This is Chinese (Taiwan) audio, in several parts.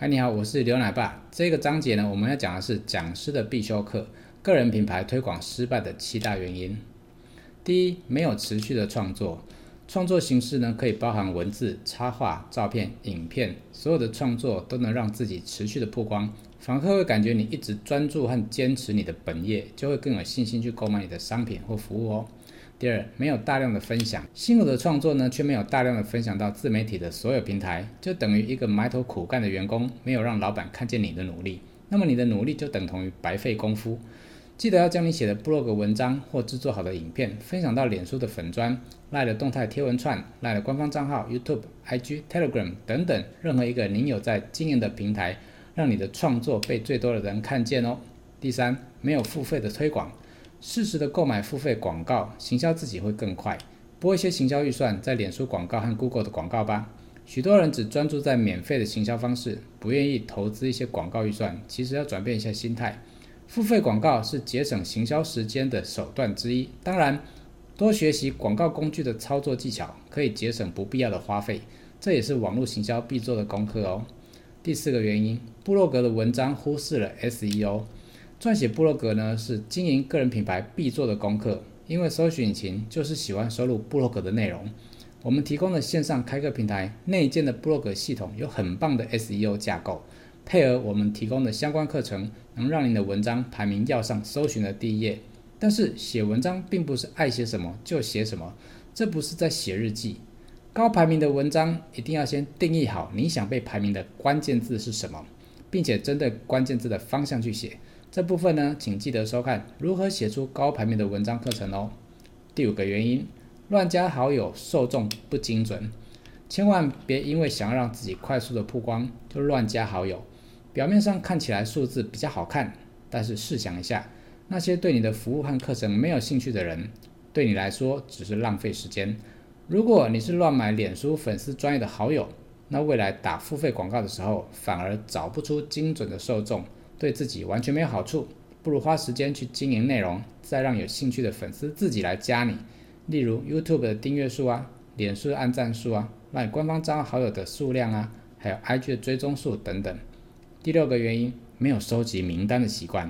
嗨，你好，我是劉奶爸。這個章節呢，我們要講的是講師的必修課——個人品牌推廣失敗的七大原因。第一，沒有持續的創作。創作形式呢，可以包含文字、插畫、照片、影片，所有的創作都能讓自己持續的曝光。訪客會感覺你一直專注和堅持你的本業，就會更有信心去購買你的商品或服務哦。第二，沒有大量的分享，辛苦的創作呢，卻沒有大量的分享到自媒體的所有平台，就等於一個埋頭苦幹的員工，沒有讓老闆看見你的努力，那麼你的努力就等同於白費功夫。記得要將你寫的 blog 文章或製作好的影片分享到臉書的粉專、Line 的動態貼文串、Line 的官方賬號、YouTube、IG、Telegram 等等任何一個您有在經營的平台，讓你的創作被最多的人看見哦。第三，沒有付費的推廣，適時的購買付費廣告行銷自己會更快，撥一些行銷預算在臉書廣告和 Google 的廣告吧。許多人只專注在免費的行銷方式，不願意投資一些廣告預算，其實要轉變一下心態。付費廣告是節省行銷時間的手段之一，當然，多學習廣告工具的操作技巧可以節省不必要的花費，這也是網絡行銷必做的功課哦。第四個原因，部落格的文章忽視了 SEO。撰寫部落格呢是經營個人品牌必做的功課，因為搜尋引擎就是喜歡收錄部落格的內容。我們提供的線上開課平台內建的部落格系統有很棒的 SEO 架構。配合我們提供的相關課程，能讓您的文章排名躍上搜尋的第一頁。但是寫文章並不是愛寫什麼就寫什麼，這不是在寫日記。高排名的文章一定要先定義好你想被排名的關鍵字是什麼，並且針對關鍵字的方向去寫。這部分呢，請記得收看《如何寫出高排名的文章》課程哦。第五個原因，亂加好友，受眾不精準，千萬別因為想要讓自己快速的曝光就亂加好友。表面上看起來數字比較好看，但是試想一下，那些對你的服務和課程沒有興趣的人，對你來說只是浪費時間。如果你是亂買臉書粉絲專業的好友，那未來打付費廣告的時候，反而找不出精準的受眾，對自己完全沒有好處。不如花時間去經營內容，再讓有興趣的粉絲自己來加你。例如 YouTube 的訂閱數啊，臉書的按贊數啊，Line 官方賬號好友的數量啊，還有 IG 的追蹤數等等。第六個原因，沒有收集名單的習慣。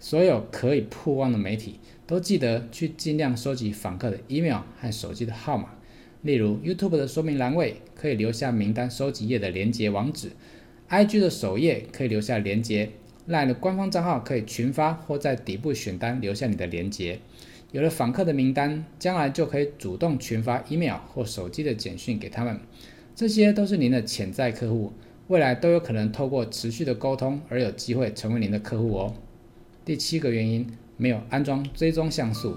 所有可以曝光的媒體，都記得去盡量收集訪客的 email 和手機的號碼。例如，YouTube 的說明欄位可以留下名單收集頁的連接網址；IG 的首頁可以留下連接；LINE 的官方賬號可以群發或在底部選單留下你的連接。有了訪客的名單，將來就可以主動群發 email 或手機的簡訊給他們。這些都是您的潛在客戶。未來都有可能透過持續的溝通而有機會成為您的客戶哦。第七個原因，沒有安裝追蹤像素。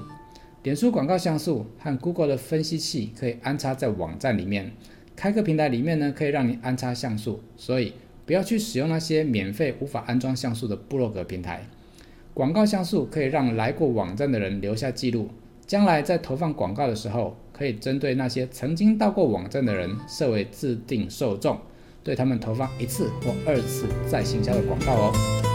臉書廣告像素和 Google 的分析器可以安插在網站裡面，開課平台裡面呢可以讓您安插像素，所以不要去使用那些免費無法安裝像素的部落格平台。廣告像素可以讓來過網站的人留下記錄，將來在投放廣告的時候，可以針對那些曾經到過網站的人設為自定受眾。對他們投放一次或二次再行銷的廣告哦。